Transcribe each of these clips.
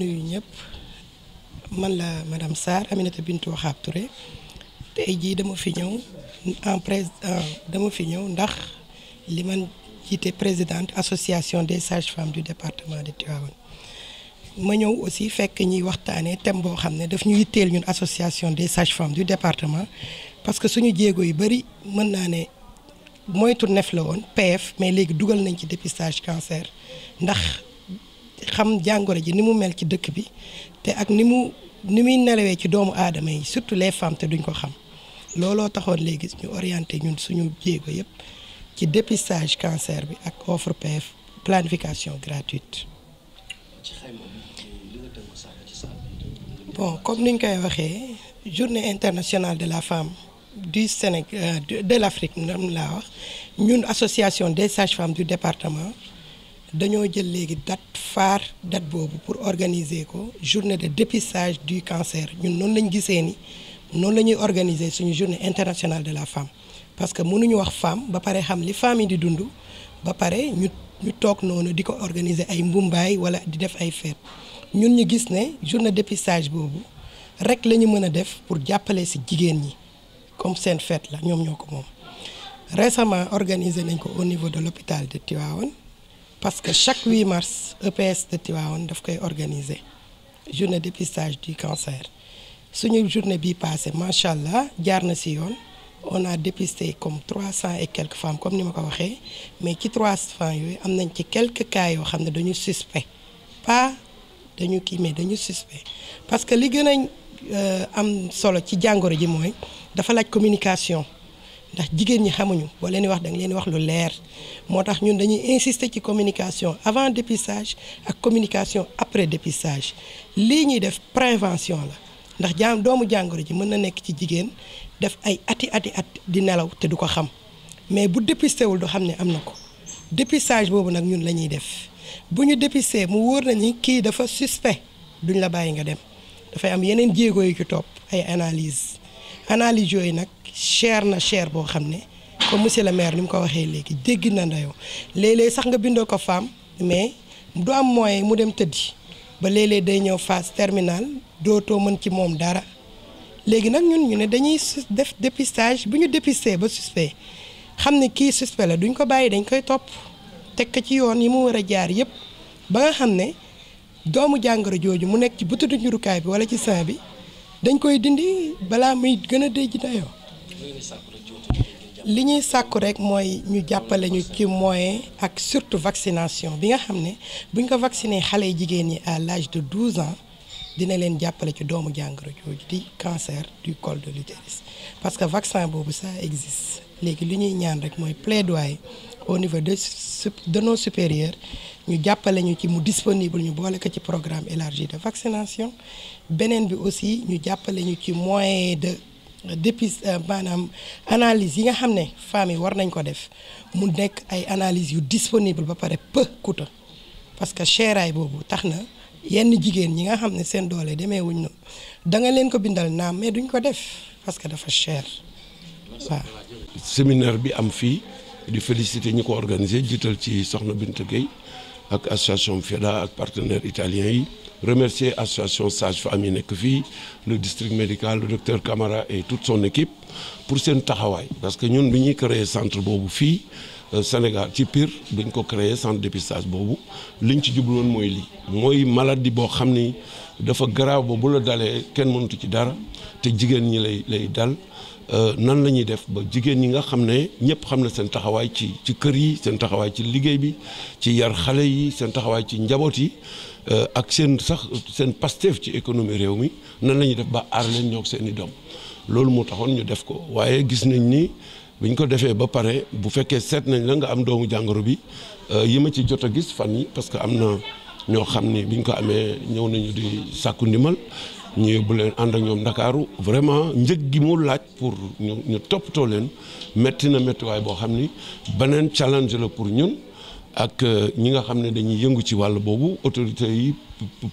nuyu ñëpp man la madame Sarr Aminata Bintou Wahab Touré tey jii dama fi ñëw en président dama fi ñëw ndax li man jiite présidente association des sages du département de Tivaouane ma ñëw aussi fekk ñuy waxtaanee thème boo xam ne daf ñu yitteel ñun association des sages-femmes du département parce que suñu jéego yu bëri mën naa ne moytu nef la woon PF mais léegi dugal nañ ci dépistage cancer ndax xam jàngoro ji ni mu mel ci dëkk bi te ak ni mu ni muy nelawee ci doomu aadama yi surtout les femmes te duñ ko xam looloo taxoon léegi ñu orienté ñun suñu jéego yëpp ci dépistage cancer bi ak offre PF planification gratuite. bon comme niñ koy waxee journée internationale de la femme du Sénégal euh, de l'Afrique nam laa wax ñun association des sages-femmes du département. dañoo jël léegi date phare date boobu pour organiser ko journée de dépistage du cancer ñun noonu lañ gisee ni noonu la ñuy organiser suñu journée internationale de la femme parce que mënuñu wax femme ba pare xam li femme yi di dundu ba pare ñu ñu toog noonu di ko organiser ay mbumbaay wala di def ay fête ñun ñu gis ne journée dépistage boobu rek la ñu mën a def pour jàppale si jigéen ñi comme seen fête la ñoom ñoo ko moom récemment organiser nañ ko au niveau de l'hôpital de parce que chaque 8 mars EPS de Tivaouane daf koy organiser journée dépistage du cancer suñu journée bii passé macha allah jaar na si yoon on a dépisté comme 300 et quelques femme comme ni ma ko waxee mais ci trois 300 yooyu am nañ ci quelques cas yoo xam ne dañu suspect pas dañu kii mais dañu suspect parce que li gën a euh, am solo ci jàngoro ji mooy dafa laaj communication. ndax jigéen ñi xamuñu boo leen wax danga leen wax lu leer moo tax ñun dañuy insister ci communication avant dépistage ak communication après dépistage lii ñuy def prévention la ndax jaam doomu jàngoro ji mën na nekk ci jigéen def ay ati ati at di nelaw te du ko xam mais bu dépisté wul du xam ne am na ko dépistage boobu nag ñun la ñuy def bu ñu dépisté mu wóor nañu kii dafa suspect duñ la bàyyi nga dem dafay am yeneen jéego yu ci topp ay analyse analyse yooyu nag cher na cher boo xam ne comme monsieur le maire ni mu ko waxee léegi dégg na ndayoo léeg-léeg sax nga bindoo ko femme mais du am moyen mu dem tëddi ba léeg day ñëw phase terminale dootoo mën ci moom dara léegi nag ñun ñu ne dañuy def dépistage bu ñu dépisté ba suspect xam ne kii suspect la duñ ko bàyyi dañ koy topp teg ko ci yoon yi mu war a jaar yëpp ba nga xam ne doomu jàngoro jooju mu nekk ci bëtu njurukaay bi wala ci sein bi. dañ koy dindi balaa muy gën a déj dayoo li ñuy sàkku rek mooy ñu jàppale ñu ci moyen ak surtout vaccination bi nga xam ne buñ ko vacciné xale yi jigéen ñi à l'âge de 12 ans dina leen jàppale ci doomu jàngoro jooju di cancer du col de l'utérus parce que vaccin boobu ça existe léegi li ñuy ñaan rek mooy plaidoyer au niveau de de nos supérieur ñu jàppale ñu ci mu disponible ñu boole ko ci programme élargi de vaccination beneen bi aussi ñu jàppale ñu ci moyen de euh, dépiste euh, maanaam analyse yi nga xam ne femmes yi war nañ ko def mu nekk ay analyse yu disponible ba pare peu coûteux parce que seeraay boobu tax na yenn jigéen ñi nga xam ne seen doole demee wuñ na da nga leen ko bindal naam mais duñ ko def parce que dafa cher waaw. séminaire bi am fii di féliciter ñi ko organiser jiital ci soxna Binta Gueye ak association FEDA ak partenaires italien yi remercier association sage femme yi nekk fii le district médical le docteur Camara et toute son équipe pour seen taxawaay parce que ñun bi ñuy créer centre boobu fii euh, Sénégal ci piir dañ ko créer centre dépistage boobu liñ ci jubloon mooy lii mooy maladie boo xam ni dafa garaaw ba bu la dalee kenn mënutu ci dara te jigéen ñi lay lay dal Euh, nan la ñuy def ba jigéen ñi nga xam ne ñëpp xam na seen taxawaay ci ci kër yi seen taxawaay ci liggéey bi ci yar xale yi seen taxawaay ci njaboot yi euh, ak seen sax seen pasteef ci économie réew mi nan lañuy def ba aar leen ñoo seen i doom loolu moo taxoon ñu def ko waaye gis nañ ni biñ ko defee ba pare bu fekkee seet nañ la nga am doomu jàngoro bi euh, yi ma ci jot a gis fan yi parce que am na ñoo xam ni biñ ko amee ñëw nañu di sàkku ndimbal ñu yóbbu leen ànd ak ñoom ndakaaru vraiment njëg gi mu laaj pour ñu ñu toppatoo leen métti na méttiwaay boo xam ni beneen challenge la pour ñun ak euh, ñi nga xam ne dañuy yëngu ci wàll boobu autorités yi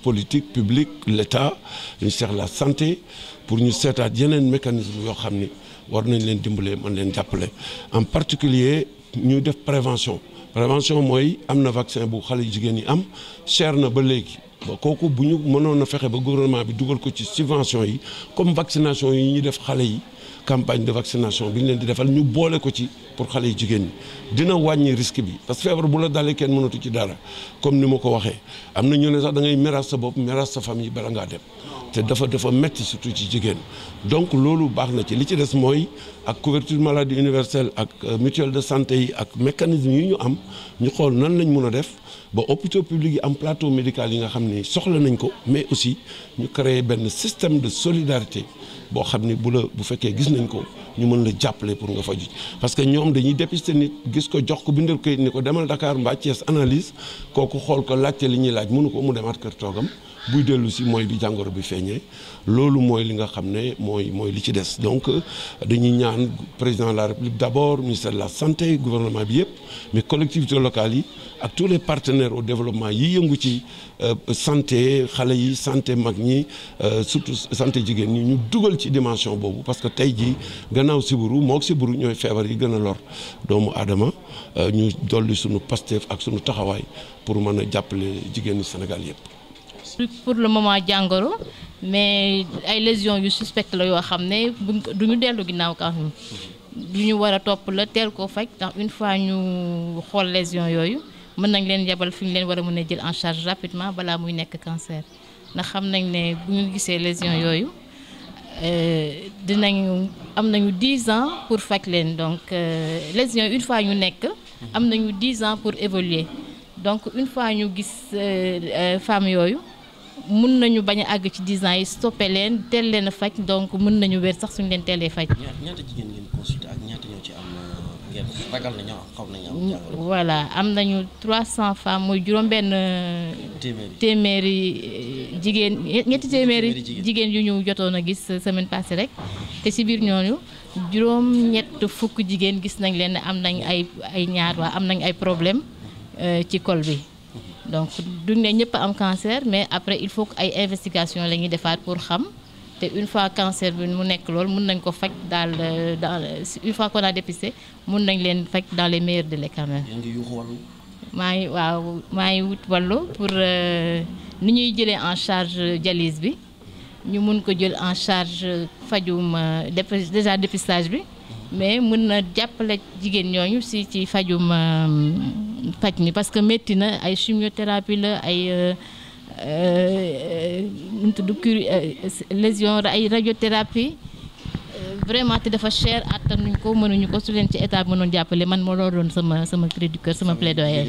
politique publique l'État ministère de la santé pour ñu seetaat yeneen mécanisme yoo xam ni war nañ leen dimbalee mën leen jàppale en particulier ñu def prévention prévention mooy am na vaccin bu xale jigéen yi am cher na ba léegi kooku bu ñu mënoon a fexe ba gouvernement bi dugal ko ci subvention yi comme vaccination yi ñuy def xale yi campagne de vaccination bi ñu leen di defal ñu boole ko ci pour xale yi jigéen ñi dina wàññi risque bi parce que feebar bu la dalee kenn mënatu ci dara comme ni ma ko waxee am na ñu ne sax da ngay meras sa bopp meras sa famille bala ngaa dem te dafa dafa metti surtout ci jigéen donc loolu baax na ci li ci des mooy ak couverture maladie universelle ak euh, mutuelle de santé yi ak mécanisme yi ñu am ñu xool nan lañu mun a def ba hôpitaux publics yi am plateau médical yi nga xam ne soxla nañ ko mais aussi ñu benn système de solidarité boo xam ni bu la bu fekkee gis nañ ko ñu mën la jàppale pour nga fa ju parce que ñoom dañuy dépister nit gis ko jox ko bindal kayit ni ko demal Dakar mbaa Thiès analyse kooku xool ko laajte li ñuy laaj mënu ko mu demaat kër toogam buy dellu si mooy bi jàngoro bi feeñee loolu mooy li nga xam ne mooy mooy li ci des donc dañuy ñaan président la république d' abord ministère la santé gouvernement bi yëpp mais collectivités locales yi ak tous les partenaires au développement yi yëngu ci euh, santé xale yi santé mag ñi euh, surtout santé jigéen ñi ñu dugal ci dimension boobu parce que tey jii gannaaw siburu mook siburu ñooy feebar yi gën a lor doomu aadama euh, ñu dolli suñu Pastef ak suñu taxawaay pour mën a jàppale jigéenu Sénégal yëpp pour le moment jàngoro mais ay lésions yu suspecte la yoo xam ne du ñu dellu ginnaaw quand même ñu war a topp la teel koo faj ndax une fois ñu xool lésions yooyu mën nañ leen yebal fi ñu leen war a mën a jël en charge rapidement balaa muy nekk cancer ndax xam nañ ne bu ñu gisee lésions yooyu euh, ñu am nañu 10 ans pour faj leen donc euh, lésions une fois ñu nekk am nañu 10 ans pour évoluer donc une fois ñu gis euh, femmes yooyu mun nañu bañ a àgg ci 10 yi stoppé leen teel leen a faj donc mun nañu wér sax suñ leen teelee faj. ñaata jigéen ngeen consulté ak euh, am nañu am xaw femmes muy juróom-benn. Euh, téeméeri euh, jigéen ñetti téeméeri. jigéen yu ñu jotoon a gis semaine passée rek. te si biir ñooñu juróom-ñett fukk jigéen gis nañ leen am nañ ay ay ñaar waa am nañ ay problème ci kol bi. donc duñ ne ñëpp am cancer mais après il faut que ay investigation la ñuy defaat pour xam te une fois cancer bi mu nekk loolu mun nañ ko faj daal dans une fois qu'on a dépisté mun nañ leen faj dans les meilleurs de quand même. yaa ngi maa ngi waaw maa ngi wut wàllu pour euh, ni ñuy jëlee en charge dialyse bi ñu mun ko jël en charge fajum euh, déjà dépistage bi mm-hmm. mais mun na jàppale jigéen ñooñu si ci fajum. Euh, paj mi parce que métti na ay chimiothérapie la ay euh, euh, nu mu tudd cure euh, lésion ay radiothérapie vraiment te dafa chair cher attanuñ ko mënuñu ko su leen ci état mënoon jàppale man moo loolu doon sama sama cri du cœur sama plaidoyer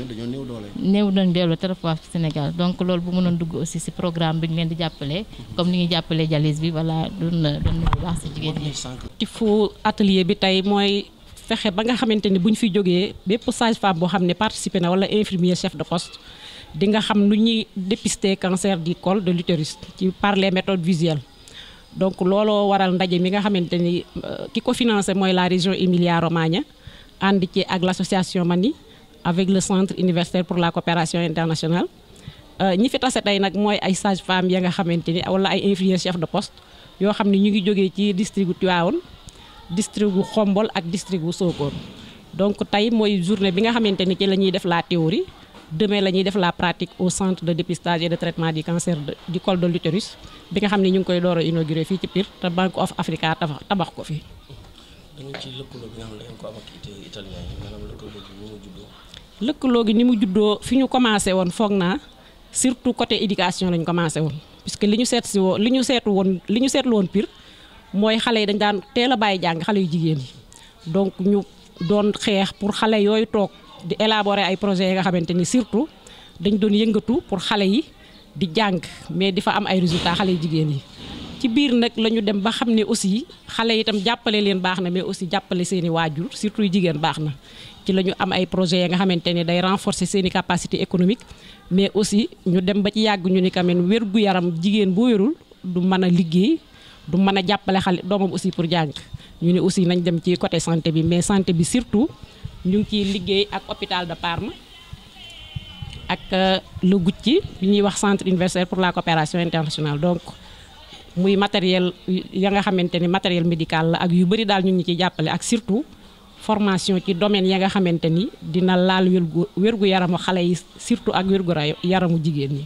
néew doon doole trop waa Sénégal donc loolu bu mënoon dugg aussi si programme bi ñu leen di jàppale comme ni ñu jàppale dialyse bi voilà doon na doon baax si jigéen ñi. ci atelier bi tey mooy. fexe ba nga xamante ni bu ñu fi jógee bépp sage-femme boo xam ne participé na wala infirmier chef de poste di nga xam nu ñuy dépister cancer di col de l'utérus ci par les méthodes visuelles donc looloo waral ndaje mi nga xamante ni euh, ki ko financé mooy la région Emilia Romagna ànd ci ak l'association Mani avec le centre universitaire pour la coopération internationale euh, ñi fi tase tey nag mooy ay sage-femme ya nga xamante ni wala ay infirmier chef de poste yoo xam ne ñu ngi jógee ci district Tivaouane district wu Xombol ak district wu Sokone donc tey mooy journée bi nga xamante ni ci la ñuy def la théorie demain la ñuy def la pratique au centre de dépistage et de traitement du cancer du col de l'utérus bi nga xam ne ñu ngi koy door a inauguré fii ci Pire te Bank of Africa tabax ko fi. dañu ci lëkkaloo bi nga ko am ak italien gi ni mu juddoo. fi ñu commencé woon foog naa surtout côté éducation lañu commencé woon puisque li ñu seet si woon li ñu seetu woon ñu seetlu woon Pire. mooy xale yi dañ daan teel a bàyyi jàng xale yu jigéen yi donc ñu doon xeex pour xale yooyu toog di élaborer ay projets ya nga xamante ni surtout dañ doon yëngatu pour xale yi di jàng mais di fa am ay résultats xale yu jigéen yi ci biir nag la ñu dem ba xam ni aussi xale yi itam jàppale leen baax na mais aussi jàppale seeni waajur surtout yu jigéen baax na ci la ñu am ay projet ya nga xamante ni day renforcer seen i capacité économique mais aussi ñu dem ba ci yàgg ñu ni quand même wér gu yaram jigéen bu wérul du mën a liggéey du mën a jàppale xale doomam aussi pour jàng ñu ne aussi nañ dem ci côté santé bi mais santé bi surtout ñu ngi ciy liggéey ak hôpital de Parme ak euh, le Gucci bi ñuy wax centre universitaire pour la coopération internationale donc muy matériel ya nga xamante ni matériel médical la ak yu bëri daal ñu ngi ciy jàppale ak surtout formation ci domaine ya nga xamante ni dina laal wérgu wérgu yaramu xale yi surtout ak wérgu yaramu jigéen ñi.